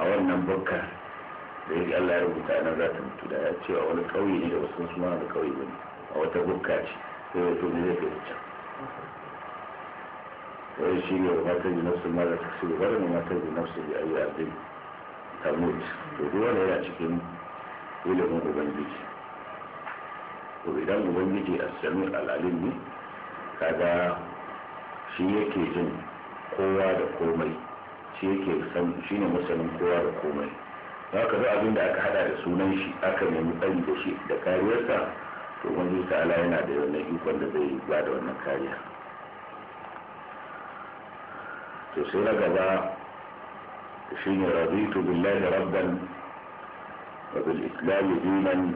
a wannan bukka da yake Allah ya rubuta a nan za ta mutu da ya ce a wani kauye ne da wasu suna da kauye ba ne a wata bukka ce sai ya ne zai kai can wai shi ne wata ta ji nafsu ma da ta ce ba ne ma ta ji nafsu da ayi abin tamut to duk wanda yana cikin ilimin ubangiji to idan ubangiji a sami al'alin ne kaga shi yake jin kowa da komai shi yake shi ne masanin kowa da komai za ka za abin da aka hada da sunan shi aka nemi tsari da shi da kariyarsa to wani ta'ala yana da wannan ikon da zai ba da wannan kariya to sai na gaba shi ne razitu billahi rabban wa bil islami dinan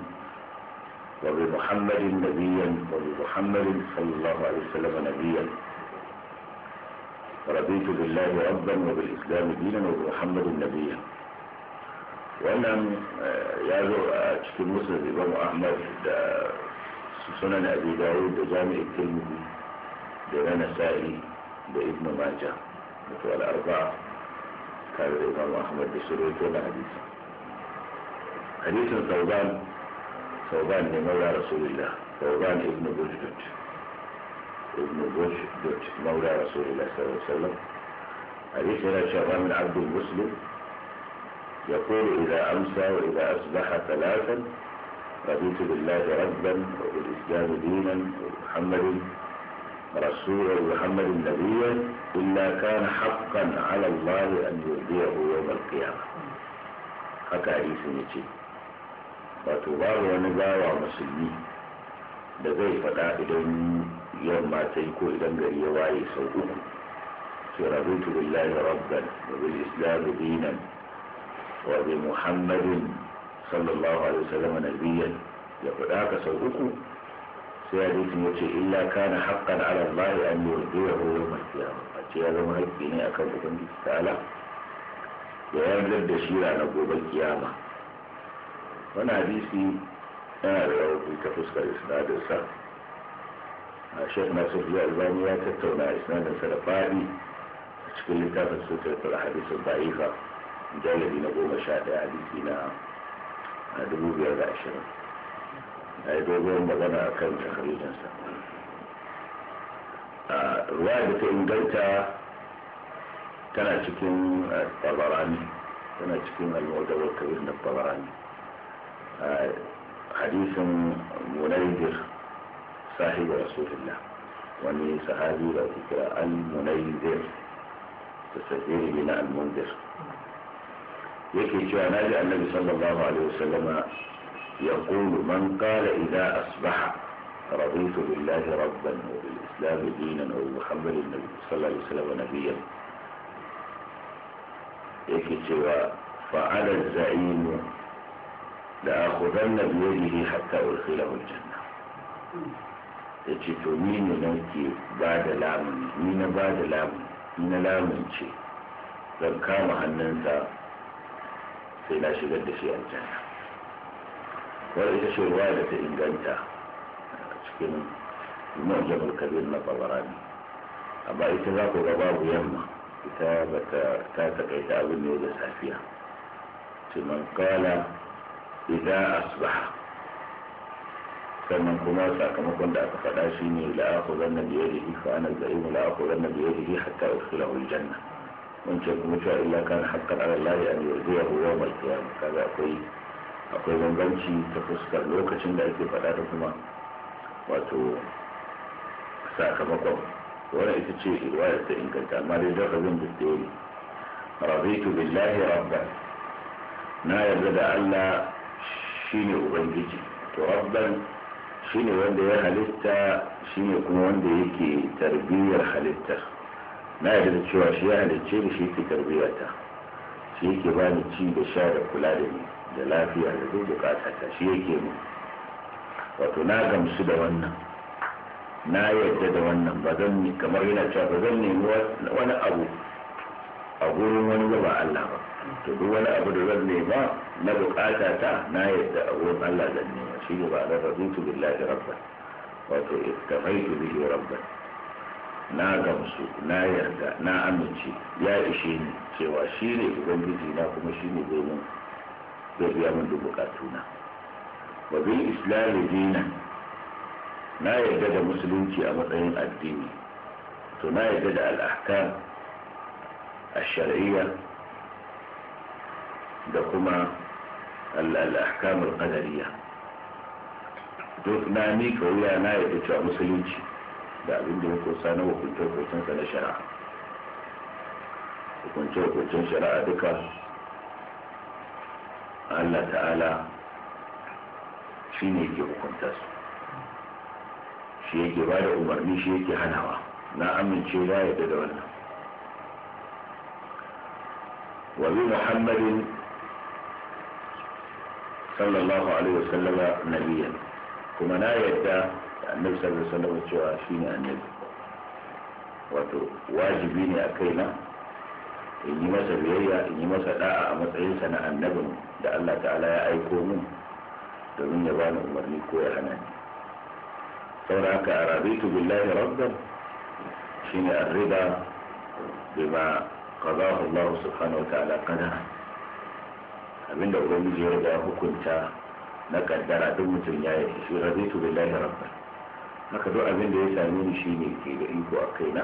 wa bi muhammadin nabiyan wa bi muhammadin sallallahu alaihi wasallam nabiyan رضيت بالله ربا وبالإسلام دينا وبمحمد نبيا. وأنا آه، يا أشتر آه، مسلم الامام أحمد آه، سنن أبي داود جامع الترمذي دينا نسائي بإذن ما جاء نتوى الأربعة كان الإمام أحمد بسرعه دون حديثا حديث ثوبان ثوبان لمولى رسول الله ثوبان ابن بوجدد ابن جوش مولى رسول الله صلى الله عليه وسلم حديث هنا شغال من عبد المسلم يقول إذا أمسى وإذا أصبح ثلاثا رضيت بالله ربا وبالإسلام دينا وبمحمد رسولا ومحمد نبيا إلا كان حقا على الله أن يهديه يوم القيامة حكى عيسى نتي ce wato مسلمين da zai fada idan yamma ta yi ko idan gari ya waye sau uku sai rabutu billahi rabban wa bil islam dinan wa bi muhammadin sallallahu alaihi wasallam nabiyyan ya fada ka sau uku sai ya dace ya ce illa kana haqqan ala allahi an yurdiyahu yawm al-qiyamah a ce ya zama haƙƙi ne akan ubangiji ta'ala ya yarda da shi ranar gobe kiyama wannan hadisi أو في تفسك الإسناد السلف الشيخ ناصر في الألباني يتبتو مع إسناد السلف عادي تشكل لتابة سترة الحديث الضعيفة جاية دي نبو مشاهد عادي فينا دبو بيا بعشرة أي دوبو مغنى كم تخريج حديث منيذر صاحب رسول الله واني صحابي لو المنيذر المنذر بناء المنذر يكي شو النبي صلى الله عليه وسلم يقول من قال إذا أصبح رضيت بالله ربا وبالإسلام دينا وبمحمد النبي صلى الله عليه وسلم نبيا يكي شو فعلى الزعيم لأخذن بيده حتى أدخله الجنة yace to ni ne nake ba da lamuni ni na ba da lamuni ni na ce, zan kama hannunsa sai na shigar da shi aljanna wani ita ce ruwa da ta inganta cikin mu'jamul kabir na babarani amma ita za ku ga babu yamma ita ba ta takaita abin ne da safiya ce man idan asbaha sannan kuma sakamakon da aka faɗa shi ne la'akuzan na biyar da ifa ana mu la'akuzan na biyar da hatta usula janna wancan kuma cewa illa kan haƙƙar alallahi an yarda ya huwa mai kiyama kaga akwai akwai bambanci ta fuskar lokacin da ake faɗa da kuma wato sakamakon wannan ita ce riwayar ta inganta amma dai don rabin da ta yi rabitu billahi rabban na yarda da allah shine ubangiji to rabban shine wanda ya halitta shine kuma wanda yake tarbiyyar halitta na yarda da cewa shi ya halicce da shi ke ta shi yake ba ni ci da sha da kula da ni da lafiya da duk bukata ta shi yake mu wato na gamsu da wannan na yarda da wannan ba zan kamar yana cewa ba zan nemi wani abu a gurin wani gaba Allah ba to duk wani abu da zan nema na bukata ta na yadda a gurin Allah zan nema shi ne ba na razutu billahi rabban wato istamaitu bihi rabban na gamsu na yarda na amince ya ishe ni cewa shi ne ubangiji na kuma shi ne zai mun zai biya mun duk na wa bil islami dina na yarda da musulunci a matsayin addini to na yarda da al'ahkar الشرعية دكما الأحكام القدرية duk na mika wuya na ya cewa musulunci da abin da hukunsa na hukunce-hukuncensa na shari'a hukunce-hukuncen shari'a duka allah ta'ala shi ne yake hukunta su shi yake ba da umarni shi yake hanawa na amince ya yadda da wannan وبمحمد صلى الله عليه وسلم نبيا كما لا يدى النبي صلى الله عليه وسلم cewa shine annabi wato wajibi ne a kaina in yi masa biyayya in yi masa da'a a matsayinsa na annabin da Allah ta'ala ya aiko min domin ya bani umarni ko ya hana ni saboda haka arabitu billahi rabban shine arriba bima قضاه Allah subhanahu wa ta'ala qada abinda ubangiji ya riga hukunta na kaddara duk mutum ya yi shi raditu billahi rabban haka duk abin da ya same ni shine ke da iko a kaina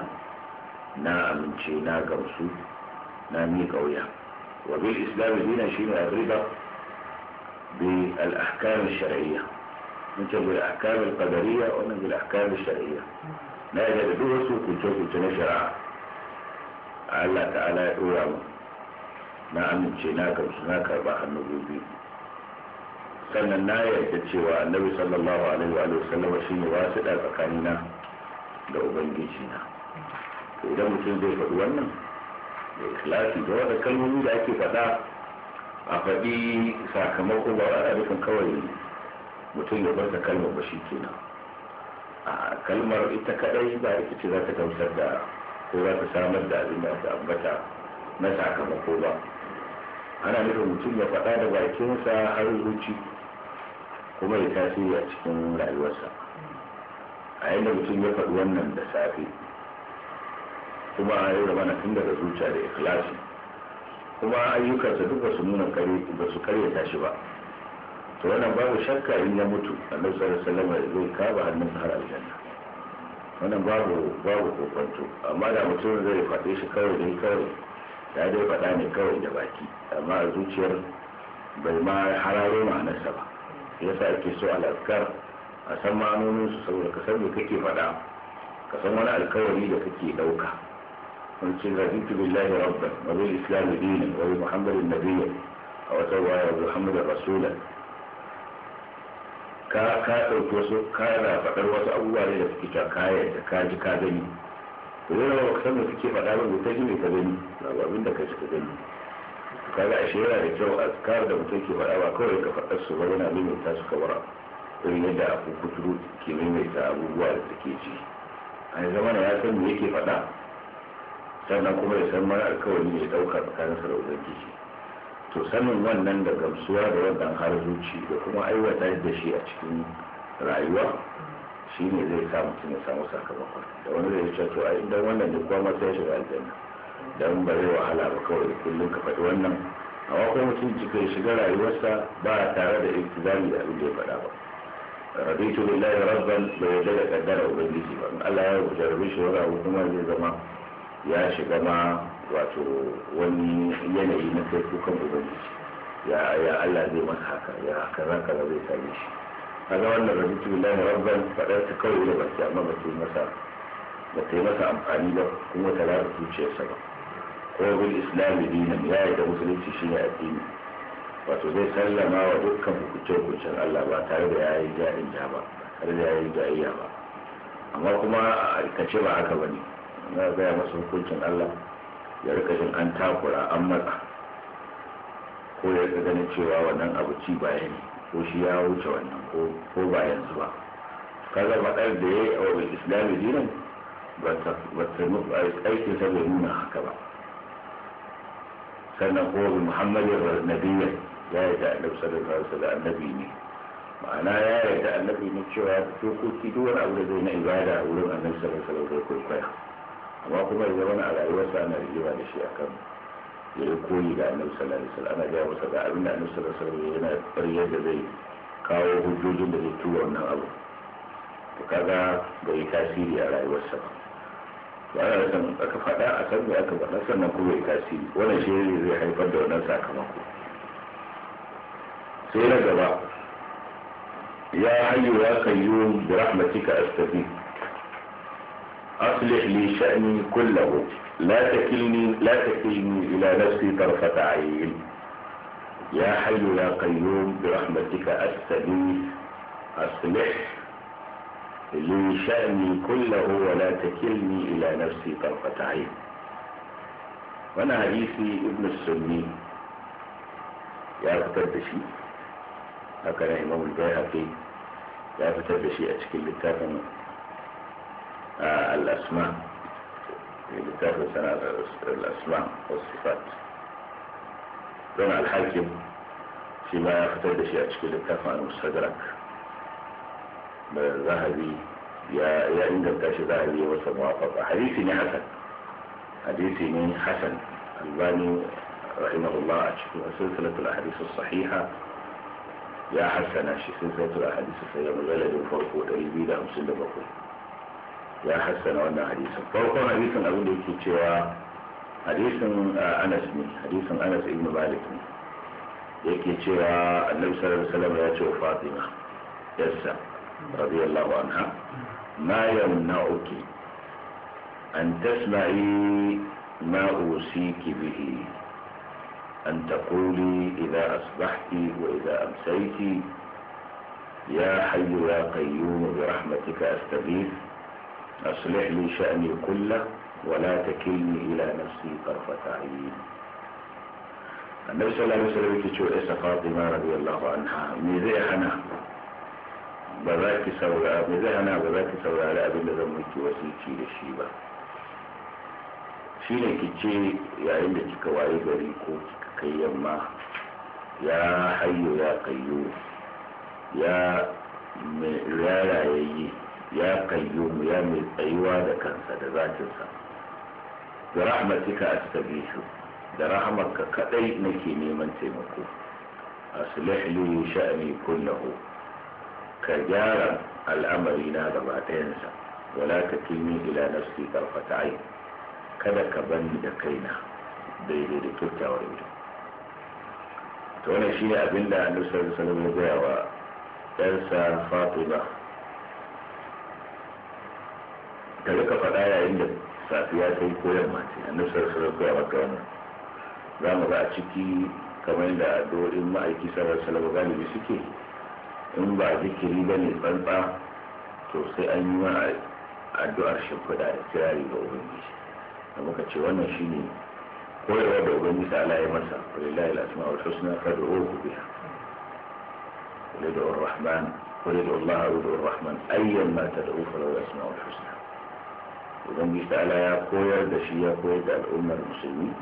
na amince na gamsu na mi kauya wa bil islam dina shine arriba bi al ahkam al shar'iyya mutum bil ahkam al qadariyya wa bil ahkam al shar'iyya na yadda duk wasu kunce-kunce na shari'a Allah ta'ala ya ɗora mu na amince na gamsu na karba hannu gobe. sannan na yarda cewa annabi sallallahu alaihi wa sallama shine wasu da tsakanina da ubangiji na idan mutum zai faɗi wannan da ikhlasi da wanda kalmomi da ake faɗa a faɗi sakamako ba ana nufin kawai mutum ya barka kalmar ba shi kenan a kalmar ita kadai ba ita ce za ta gamsar da ko za ta samar da abin da ta ambata na sakamako ba ana nufin mutum ya faɗa da bakinsa har zuci kuma ya tasiri a cikin rayuwarsa a yadda mutum ya faɗi wannan da safe kuma ya zama na tun daga zuciya da ikhlasi kuma ayyukansa duk basu nuna kare ba basu karyata shi ba to wannan babu shakka in ya mutu a sallallahu alaihi wasallam zai kaba hannun har aljanna wannan babu babu kofanto amma da mutum zai faɗe shi kawai dai kawai ya dai faɗa ne kawai da baki amma a zuciyar bai ma hararo ma'anarsa ba ya sa ake so al'askar a san ma'anonin su saboda ka san me kake faɗa ka san wani alkawari da kake ɗauka wani ce razitu billahi rabban wa islam dinan wa bi muhammadin nabiyyan a wata waya muhammadin rasulan ka ka su wasu kana faɗar wasu abubuwa ne da suke ta kaya da ka ji ka gani to yana ba san da suke faɗa ba ta ne ka gani ba abin da ka ji ka gani ga ashe yana da kyau a kar da mutum ke faɗa ba kawai ka faɗar su ba yana maimaita su kamar irin yadda ku kuturu ke maimaita abubuwa da take ji a zama na ya san me yake faɗa sannan kuma ya san mara alkawari ne ya ɗauka tsakanin sarautar ubangiji to sanin wannan da gamsuwa da wannan har zuci da kuma aiwata da shi a cikin rayuwa shi ne zai sa mutum ya samu sakamakon da wani zai ce to a inda wannan da kuma masa ya shiga aljanna dan ba zai wahala ba kawai kullum ka faɗi wannan amma kuma mutum kai shiga rayuwarsa ba tare da iltizami da abin da ya faɗa ba rabitu billahi rabban da yarda da kaddara ubangiji ba in Allah ya rubuta shi wani kuma zai zama ya shiga ma wato wani yanayi na kai kukan ubangiji ya ya Allah zai masa haka ya kaza ka zai same shi kaga wannan rajitu billahi rabban fadar ta kawai da baki amma ba ta yi masa masa amfani ba kuma ta lara zuciyarsa ba ko bil islami dinan ya yi da musulunci shine addini wato zai sallama wa dukkan hukunce hukuncin Allah ba tare da ya yi ja'in ba tare da ya yi ba amma kuma a ce ba haka ba ne na gaya masa hukuncin Allah ya rika jin an takura an matsa ko ya rika ganin cewa wannan abu ci baya ne ko shi ya wuce wannan ko ba yanzu ba kaga faɗar da ya yi a wajen islami dinin ba ta aikin saboda bai nuna haka ba sannan ko bi muhammadin nabiyya ya yi da annabi sallallahu alaihi wasallam annabi ne ma'ana ya yi da annabi ne cewa dokoki duk wani abu da zai na ibada a wurin annabi sallallahu alaihi wasallam zai kwaikwaya amma kuma ya zama a rayuwarsa ana rigima da shi akan ya yi koyi da annabi sallallahu alaihi wasallam ana ga masa ga abin da annabi sallallahu alaihi wasallam yana ƙarya da zai kawo hujjojin da zai tura wannan abu to kaga bai yi tasiri a rayuwarsa ba ba na san aka faɗa a san da aka faɗa sannan kuma yi tasiri wannan shi ne zai haifar da wannan sakamako sai na gaba ya hayyu ya kayyum bi rahmatika astaghfir أصلح لي شأني كله لا تكلني لا تكلني إلى نفسي طرفة عين يا حي يا قيوم برحمتك أستغيث أصلح لي شأني كله ولا تكلني إلى نفسي طرفة عين وأنا حديثي ابن السني يا شيء هكذا إمام البيهقي يا فتدشي أشكل التافه الأسماء كتاب يعني الأسماء والصفات دون الحاكم فيما يقتد شيء أشكال التفع المستدرك ذهبي يا يا عند تأشي ذهبي وسموافق حديثي حسن حديثي حسن الباني رحمه الله أشكال سلسلة الأحاديث الصحيحة يا حسن أشكال سلسلة الأحاديث الصحيحة من مجلد فوق 257 ya hassana wannan hadisin farkon hadisin abin da yake cewa hadisin anas ne hadisin anas ibn malik ne yake cewa annabi sallallahu alaihi wasallam ya ce wa fatima yassa radiyallahu anha ma yamna'uki an tasma'i ma usiki bihi أن تقولي إذا أصبحت وإذا أمسيت يا حي يا قيوم برحمتك أستغيث أصلح لي شأني كله ولا تكلني إلى نفسي طرفة عين النبي صلى الله عليه وسلم يقول إيسا فاطمة رضي الله عنها مذيحنا بذاك سوراء مذيحنا بذاك سوراء لا أبن ذنبك وسيكي للشيبة شيني ne يا عندك yayin بريكو كيما يا حي يا قيوم يا yamma ya hayyo ya qayyum ya mai tsayuwa da kansa da zatinsa da rahmatika astaghithu da rahmarka kadai nake neman taimako a li sha'ani kullahu ka gyara al'amari na gaba ɗayansa wala takilni ila nafsi tarfata ayn kada ka bani da kaina daidai da kyakkyawar ido to wannan shine abinda annabi sallallahu alaihi wasallam ya gaya wa ɗansa fatima ka rika faɗa yayin da safiya ta yi koyar mace a nufsar sarakuna maka wannan za mu ga a ciki kamar a addu'o'in ma'aiki sarar salama galibi suke in ba zikiri ba ne tsantsa to sai an yi ma addu'ar shimfiɗa da kirari ga ubangiji da muka ce wannan shi ne koyarwa da ubangiji ala ya masa walillahi al-asma wal husna fad'uhu biha walidu rahman walidu Allah walidu rahman ayyan mata da ufa lahu al-asma wal husna ubangiji ala ya koyar da shi ya koyar da al'ummar musulmi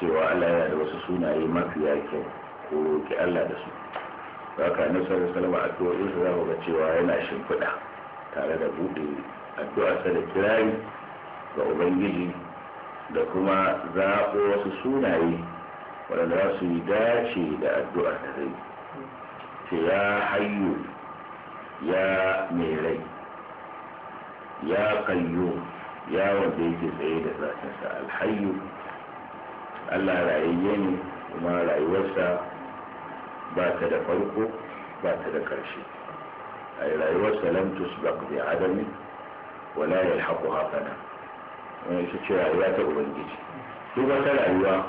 cewa Allah yana da wasu sunaye mafiya kyau ko roƙi Allah da su haka ka sallallahu alaihi salama a addu'o'in sa za ga cewa yana shimfiɗa tare da buɗe addu'arsa da kirari ga ubangiji da kuma zaɓo wasu sunaye waɗanda za su yi dace da addu'a da zai ce ya hayyu ya mai rai ya kanyo ya wanda yake tsaye da zatinsa alhayyu Allah rayayye ne kuma rayuwarsa ba ta da farko ba ta da ƙarshe a rayuwarsa lam tusbaq bi adami wala yalhaquha fana wani shi ce rayuwa ta ubangiji duk wata rayuwa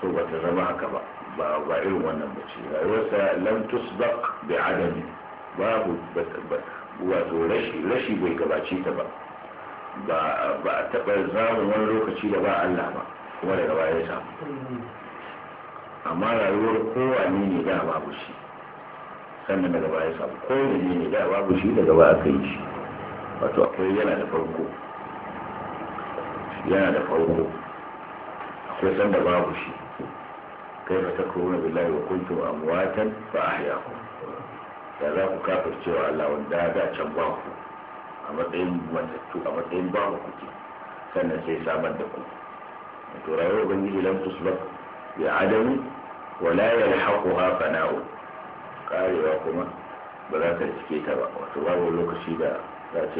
to ba ta zama haka ba ba ba irin wannan mace rayuwar rayuwarsa lam tusbaq bi adami babu ba wato rashi bai gabace ta ba ba a taɓa zamun wani lokaci da ba Allah ba kuma daga baya ya samu amma rayuwar kowa ne da babu shi sannan daga baya ya samu kowane ne da babu shi daga baya aka yi shi wato akwai yana da farko yana da farko akwai sanda babu shi kai ta takuru billahi wa kuntum amwatan fa ahyakum da za ku kafirce wa Allah wanda da can ba ku a matsayin matattu a matsayin ba ku kuke sannan sai samar da ku to rayuwar ubangiji lam tusbah bi adami wa la yalhaquha fana'u karewa kuma ba za ta cike ta ba wato babu lokaci da za ce